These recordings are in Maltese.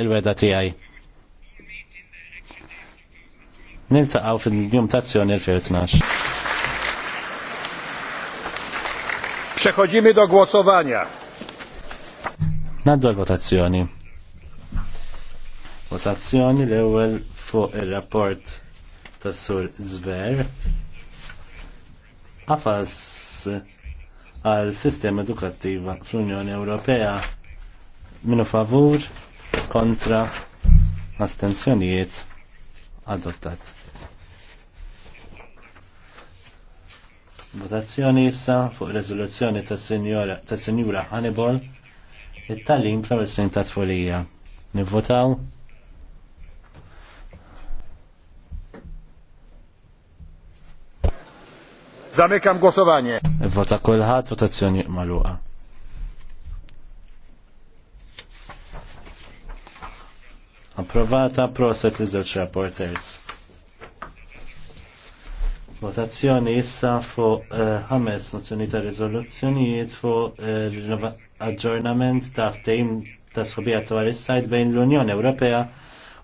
il-weda tiegħi. Niltaqgħu fil-jum tazzjoni l-2012. Przechodzimy do głosowania. Naddu l-votazzjoni. Votazzjoni l-ewwel fuq ir-rapport tas-sur Zver. Għafas għal sistema edukattiva fl-Unjoni Ewropea minu favur kontra astensjonijiet adottat. Votazzjoni issa fuq rezoluzzjoni ta' Sinjura Hannibal it tallim fl ta' tfolija. Nivvotaw? Zamekam głosowanie. Wota kulħadd votazzjoni magħluqa. approvata proset li żewġ rapporters. Votazzjoni issa fuq eh, ħames uh, mozzjoni ta' riżoluzzjonijiet fuq l eh, aġġornament ta' ftejm ta' sħobija dwar is-sajt bejn l-Unjoni Ewropea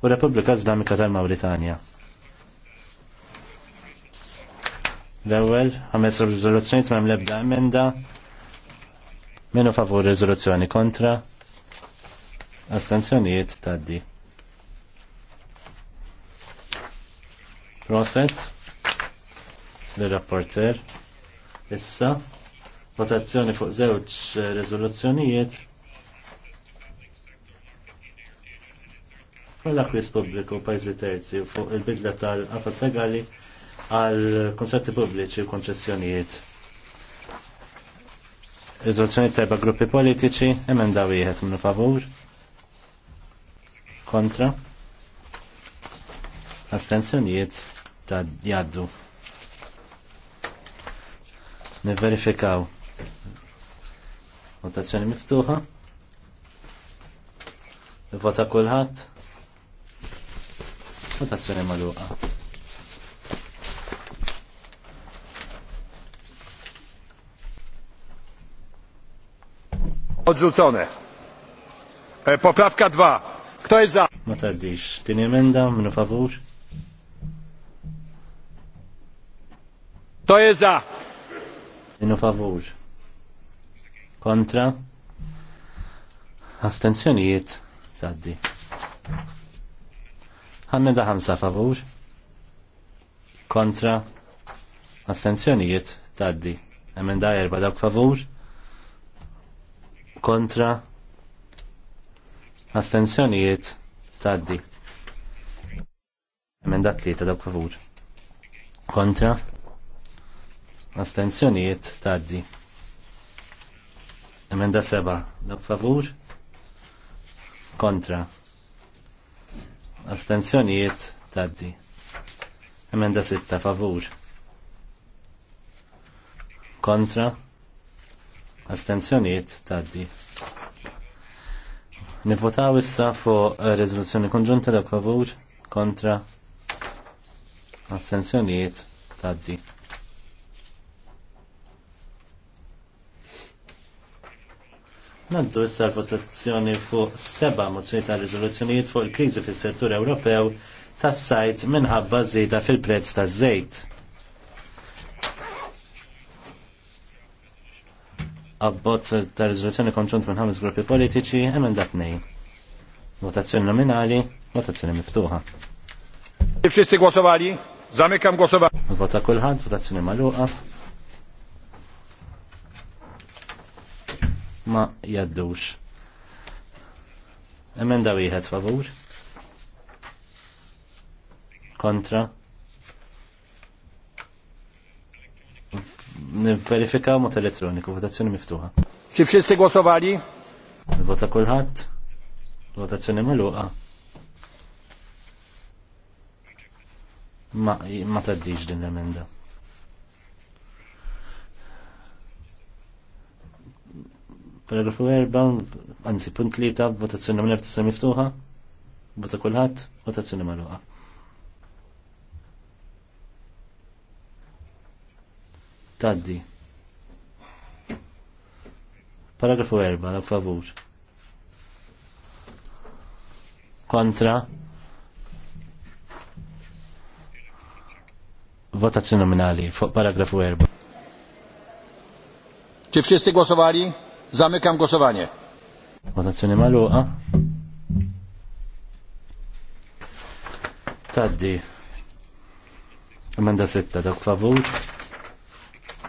u Repubblika Iżlamika tal-Mawritanja. L-ewwel ħames riżoluzzjonijiet m'hemm l-ebda emenda. Minu favur riżoluzzjoni kontra astenzjonijiet taddi. Rosset, l-rapporter, issa, votazzjoni fuq żewġ eh, rezoluzzjonijiet l akwis pubbliku pajzi terzi fuq il-bidla tal-qafas legali għal kontratti pubbliċi u konċessjonijiet. Rezoluzzjoni tajba gruppi politiċi, emenda wieħed minn favur, kontra, astenzjonijiet ta' jaddu. Niverifikaw. Votazzjoni miftuħa. Vota kulħadd. Votazzjoni magħluqa. Odrzucone. E, poprawka 2. Kto jest za? Ma tardiż. Ty nie menda, mnu favor. To je za. Kontra. Astenzjonijiet. Taddi. Għanne da ħamsa favur. Kontra. Astenzjonijiet. Taddi. Emenda erba dak favur. Kontra. Astenzjonijiet. Taddi. Emenda tlieta dak favur. Kontra astenzjonijiet taddi. Emenda seba, dak favur, kontra, astenzjonijiet taddi. Emenda sitta, favur, kontra, astenzjonijiet taddi. Nivotaw issa fuq eh, rezoluzzjoni konġunta dak favur, kontra, astenzjonijiet taddi. Naddu issa l-votazzjoni fuq seba mozzjoni ta' riżoluzzjonijiet fuq il-kriżi fis-settur Ewropew tas-sajt minħabba żieda fil-prezz taż-żejt. Abbozz ta' rizoluzzjoni konġunt minn ħames gruppi politiċi emendat nej. Votazzjoni nominali, votazzjoni miftuħa. Wszyscy kulħadd, votazzjoni magħluqa. ma jaddux. Emenda wieħed favur. Kontra. Verifika mot elettroniku, votazzjoni miftuħa. Xi wszyscy głosowali? Vota kulħadd. Votazzjoni magħluqa. Ma ma taddix din l-emenda. Paragrafu 4, anzi punt ta' votazzjoni nominali votazzjoni miftuħa, vota kulħadd, votazzjoni magħluqa. Taddi. Paragrafu 4, la favur. Kontra. Votazzjoni nominali paragrafu 4. Czy wszyscy głosowali? Zamykam głosowanie. Votazzjoni maluqa. Taddi. Emenda setta dak favur.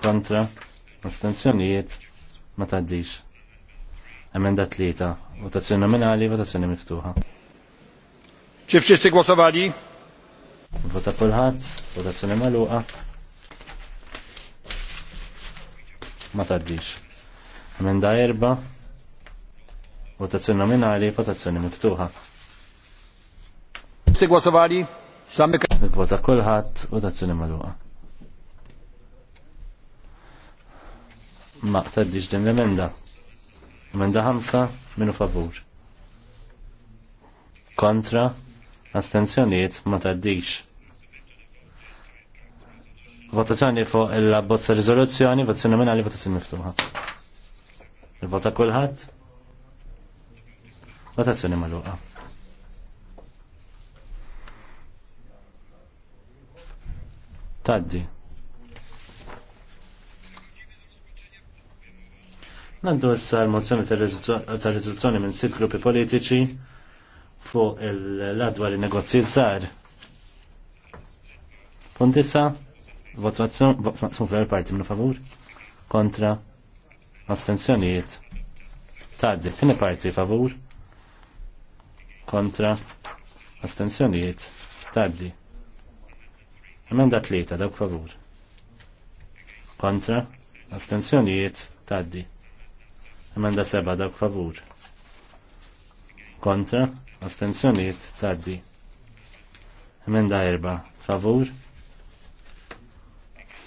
Kontra. Astenzjonijiet. Ma taddix. Emenda tlieta Votazzjoni nominali, votazzjoni miftuħa. Czy wszyscy głosowali? Vota kulħadd, votazzjoni maluqa. Ma taddix. Emenda erba. Votazzjoni nominali, votazzjoni miftuħa. Segwa savari, Vota kulħadd, votazzjoni magħluqa. Ma taddiġ din l-emenda. Emenda ħamsa minu favur. Kontra, astenzjonijiet ma tgħaddix votazzjoni fuq il bozza rizoluzzjoni, votazzjoni nominali, votazzjoni miftuħa. Il-vota kulħadd? Votazzjoni magħluqa. Taddi. Nandu issa l-mozzjoni ta' riżoluzzjoni minn sitt gruppi politiċi fuq l ladwa li negozji żgħar. Punt issa, votazzjoni, votazzjoni parti minn favur, kontra, astenzjonijiet tgħaddi. Tieni parti favur kontra astenzjonijiet taddi. Emenda tlieta dawk favur. Kontra astenzjonijiet taddi. Emenda seba dawk favur. Kontra astenzjonijiet taddi. Emenda erba favur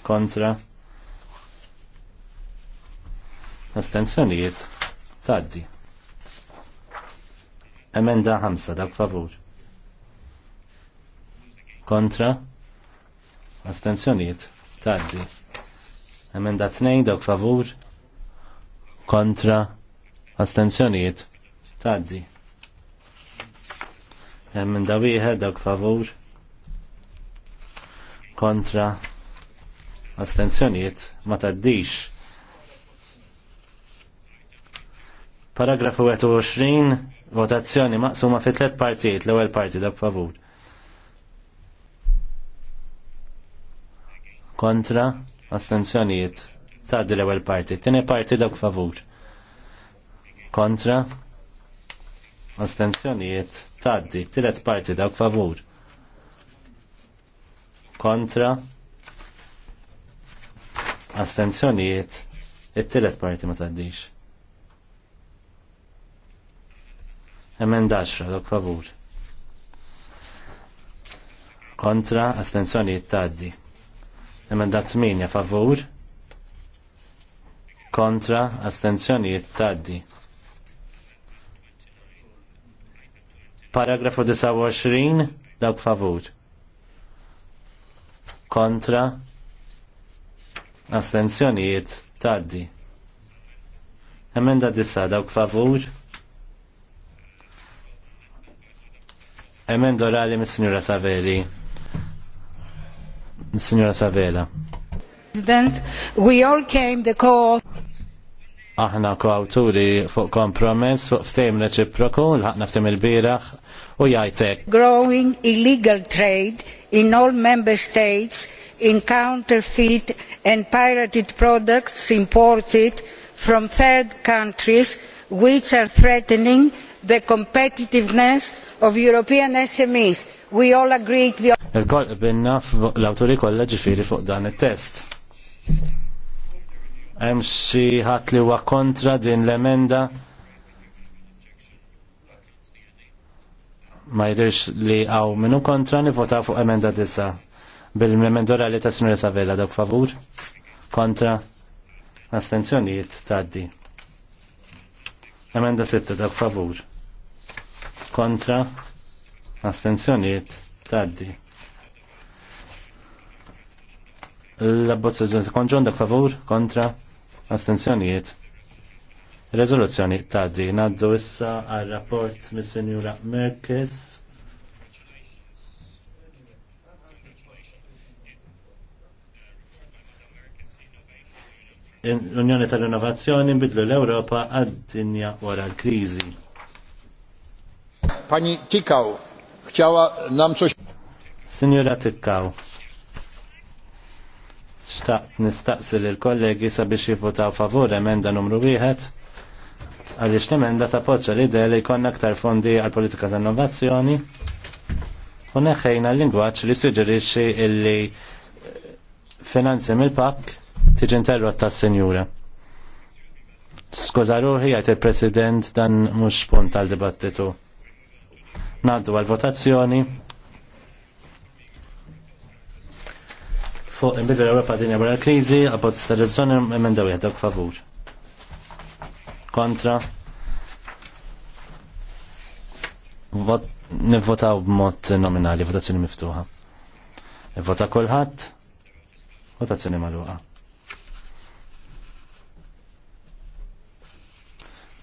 kontra astensjonijiet taddi. Emenda 5 dak favur. Kontra astensjonijiet taddi. Emenda 2 dak favur. Kontra astensjonijiet taddi. Emenda wieħed dak favur. Kontra astensjonijiet ma taddix Paragrafu 21, votazzjoni maqsuma fi tlet partijiet, l-ewwel parti dak favur. Kontra, astensjonijiet tgħaddi l-ewwel parti, tieni parti dak favur. Kontra, astensjonijiet, tgħaddi, tielet parti dak favur. Kontra, astenzjonijiet, it-tielet parti ma tgħaddix. Emenda 10, dok favur. Kontra, astenzjonijiet taddi. Emenda 8, favur. Kontra, astenzjonijiet jittaddi. Paragrafu 29, dawk favur. Kontra, astenzjonijiet jittaddi. Emenda disa' dawk favur Emen dorali mis signora Saveli. Mis-Sinjura Savela. President, we all came the call. Aħna koawturi fuq kompromess fuq ftejm reċiproku l-ħakna ftejm il-biraħ u jajtek. Growing illegal trade in all member states in counterfeit and pirated products imported from third countries which are threatening the competitiveness of European SMEs. We all agreed the il koll binna l-awturi kollha ġifieri fuq dan it-test. Hemm xi ħadd li huwa kontra din l-emenda ma jidirx li għaw minu kontra nivota fuq emenda disa. bil memendora li tasnu li savella dak favur, kontra astenzjonijiet taddi. Emenda sitta dak favur kontra astenzjoniet taddi. L-abbozza konġon dak favur kontra astenzjoniet. Rezoluzzjoni taddi. Naddu issa għal rapport mis senjura Merkes. l-Unjoni tal-Innovazzjoni nbidlu l-Ewropa għad-dinja wara l-kriżi. Pani Tikał chciała nam coś... Signora Xtaqt nistaqsi l kollegi sabiex jivvotaw favur emenda numru wieħed għaliex l-emenda tappoġġa l-idea li jkollna aktar fondi għal politika ta' innovazzjoni u neħħejna l-lingwaġġ li suġġerixxi illi eh, finanzi mill-pak tiġi interrot tas-senjura. Skuża ruħi għajt il-President dan mhux punt għal dibattitu. Naddu għal-votazzjoni. Fuq imbidu l-Europa dinja barra krizi, għabot s rezzjoni emenda wieħed favur. Kontra. Vot, nivvotaw b'mod nominali, votazzjoni miftuħa. Nivvota kulħadd, votazzjoni magħluqa.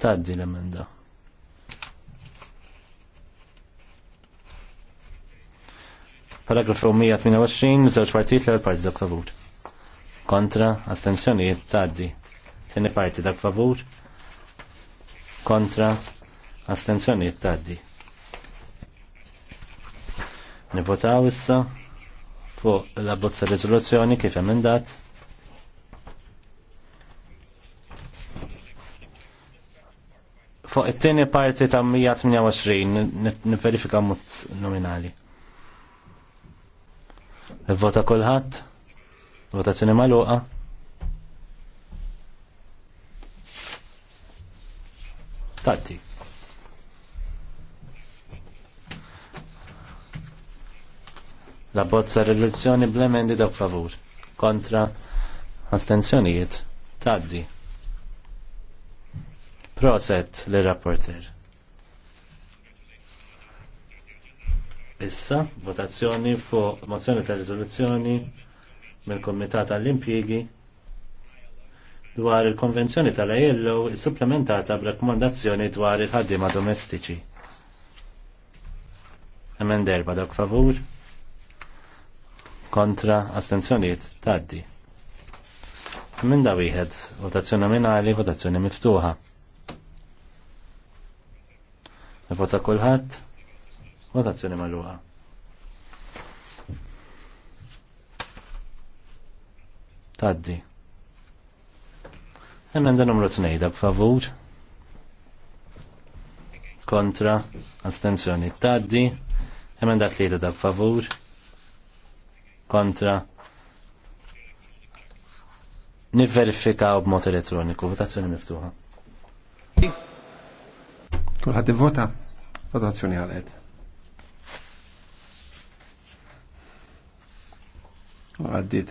Taddi l-emenda. Paragrafu 128, żewġ partit l għal parti dak favur. Kontra, astensjonijiet taddi. Tieni parti dak favur. Kontra, astensjonijiet tgħaddi. Nivotaw issa fuq la bozza riżoluzzjoni kif emendat. Fuq it-tieni parti ta' 128 niverifika mod nominali. Vota kulħadd? Votazzjoni magħluqa? Tatti. La bozza relazzjoni blemendi da favur. Kontra astenzjonijiet. Taddi. Proset l-rapporter. Issa, votazzjoni fuq mozzjoni ta' riżoluzzjoni mill-Komitat għall-Impjiegi dwar il-Konvenzjoni tal-ILO supplementata b'rakkomandazzjoni dwar il-ħaddiema domestiċi. Emen derba dak favur kontra astenzjoniet taddi. Emen da wieħed votazzjoni nominali, votazzjoni miftuħa. Vota kulħadd? Votazzjoni magħluqa. Taddi. Emenda numru 2 b'favur. favur. Kontra. Astenzjoni. Taddi. Emenda 3 dak favur. Kontra. Niverifikaw b'mod elettroniku. Votazzjoni miftuħa. Kulħadd ivvota. Votazzjoni għalet. Għaddit.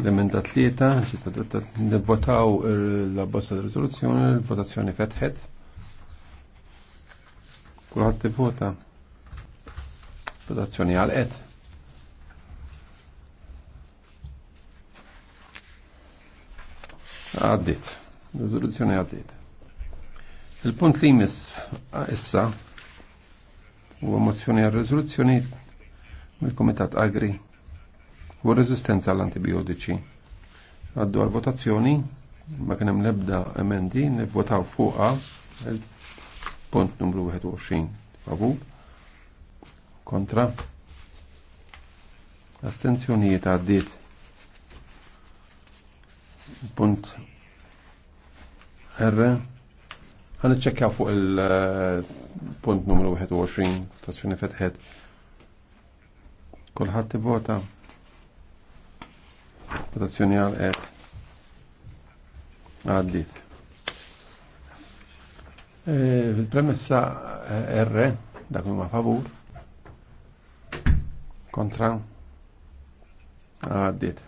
L-emenda tlieta, nivvotaw l bosta risoluzzjoni, l-votazzjoni fetħet. Kulħadd tivvota. Votazzjoni għal-et. Għaddit. Rizoluzzjoni għaddit. Il-punt li jmiss issa u mozzjoni għal rezoluzzjoni mill-Komitat Agri u r-reżistenza għall antibiotiċi Għaddu għal votazzjoni ma kien hemm l-ebda emendi nivvotaw fuqha punt numru 21 favur kontra astenzjonijiet għaddiet punt R Għan iċċekkaw fuq il-punt eh, numru 21 ta' xini fetħed. Kolħat vota. Votazzjoni għal għed. Għaddit. Eh, fil-premessa eh, R, dak ma favur. Kontra. Għaddit.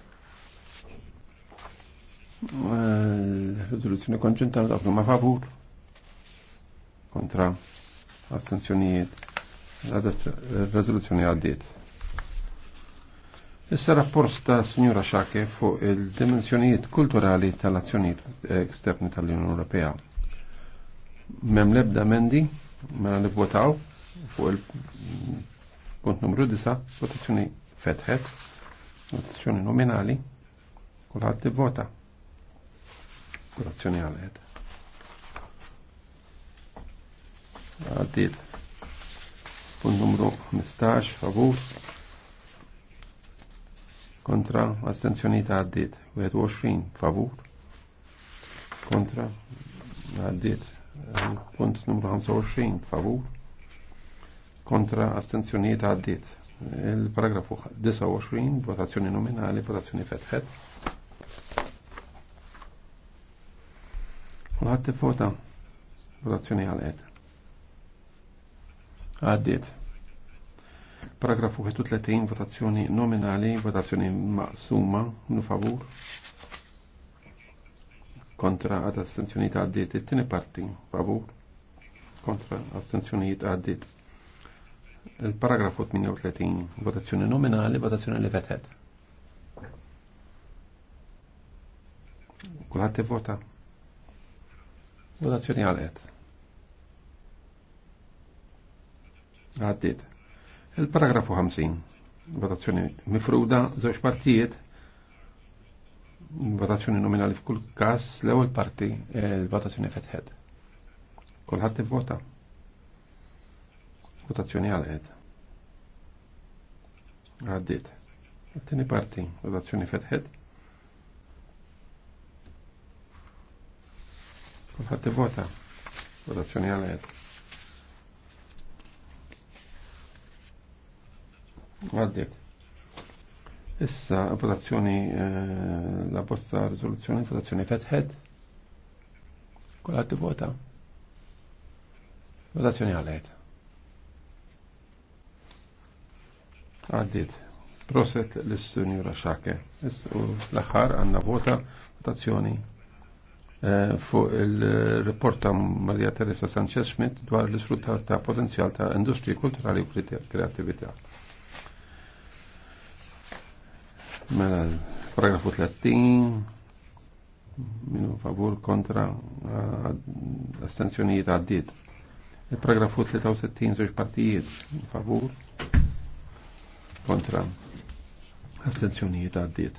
Risoluzzjoni konġunta dak ma favur kontra astenzjonijiet il rezoluzjoni għaddiet. Issa rapport ta' signora Xake fuq il-dimensjonijiet kulturali tal-azzjonijiet eksterni tal-Unjoni Ewropea. Mem lebda mendi, ma mela votaw fuq il-punt numru 9, votazzjoni fetħet, votazzjoni nominali, kullħat kulħadd vota. Votazzjoni għalet. għaddit. Punt numru 15, favur. Kontra, ta' għaddit. 21, favur. Kontra, għaddit. Punt numru 25, favur. Kontra, ta' għaddit. Il-paragrafu 29, votazzjoni nominali, votazzjoni fetħet. Għatte fota votazzjoni għal-għed. Għaddiet. Paragrafu 31, votazzjoni nominali, votazzjoni maqsuma, nu favur. Kontra għad astenzjoniet għaddiet. Il-tini parti, favur. Kontra astenzjoniet għaddiet. Il-paragrafu 38, votazzjoni nominali, votazzjoni li vetet. Kulħat vota. Votazzjoni għal-et. għaddit. Il-paragrafu 50, votazzjoni mifruda, zoċ partijiet, votazzjoni nominali f'kull kas, l-ewwel parti votazzjoni fetħed. Kulħadd vota. Votazzjoni għal Għaddiet. Għaddit. Għattini parti, votazzjoni fetħed. Kulħadd vota. Votazzjoni għal għalqed. Għaddit. Issa, votazzjoni, eh, la posta risoluzzjoni, votazzjoni fetħed. Kulħat vota. Votazzjoni għalet. Għaddit. Proset l-Sunjura Xake. U l-axar għanna vota votazzjoni eh, fuq il-report ta' Maria Teresa Sanchez Schmidt dwar l-isfruttar ta' potenzjal ta' industri kulturali u kreatività. Mela, paragrafu 30, minu favur kontra astenzjonijiet għaddit. Il-paragrafu e 63 zoċ partijiet, favur kontra astenzjonijiet għaddit.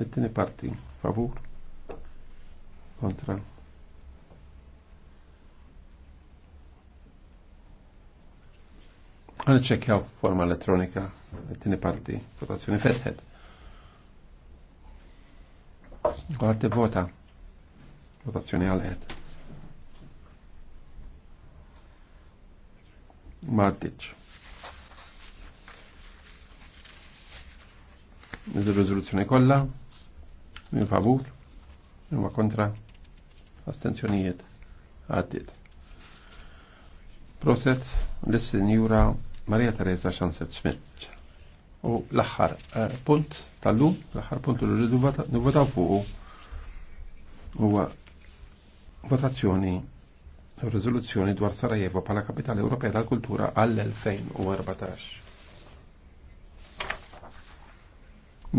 Il-tini e parti, favur kontra Għan ċekjaw forma elettronika, e il parti, votazzjoni fetħed. Għaddi vota. Votazzjoni għal-ħed. Maddiċ. Il-rezoluzzjoni kollha, min favur, huwa kontra, astenzjonijiet, għaddiet. Proset l Maria Teresa Chancet Schmidt. U l-axħar eh, punt tal-lum, l-axħar punt l nivvotaw fuq huwa votazzjoni u riżoluzzjoni dwar Sarajevo bħala kapitali Ewropea tal-Kultura għall-2014.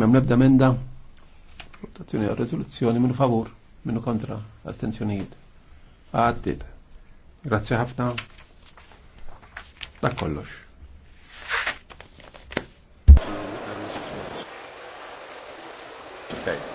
Mem nebda menda votazzjoni u riżoluzzjoni minn favur, minnu kontra, astenzjonijiet. Għaddit. Grazzi ħafna. Dak kollox. Okay.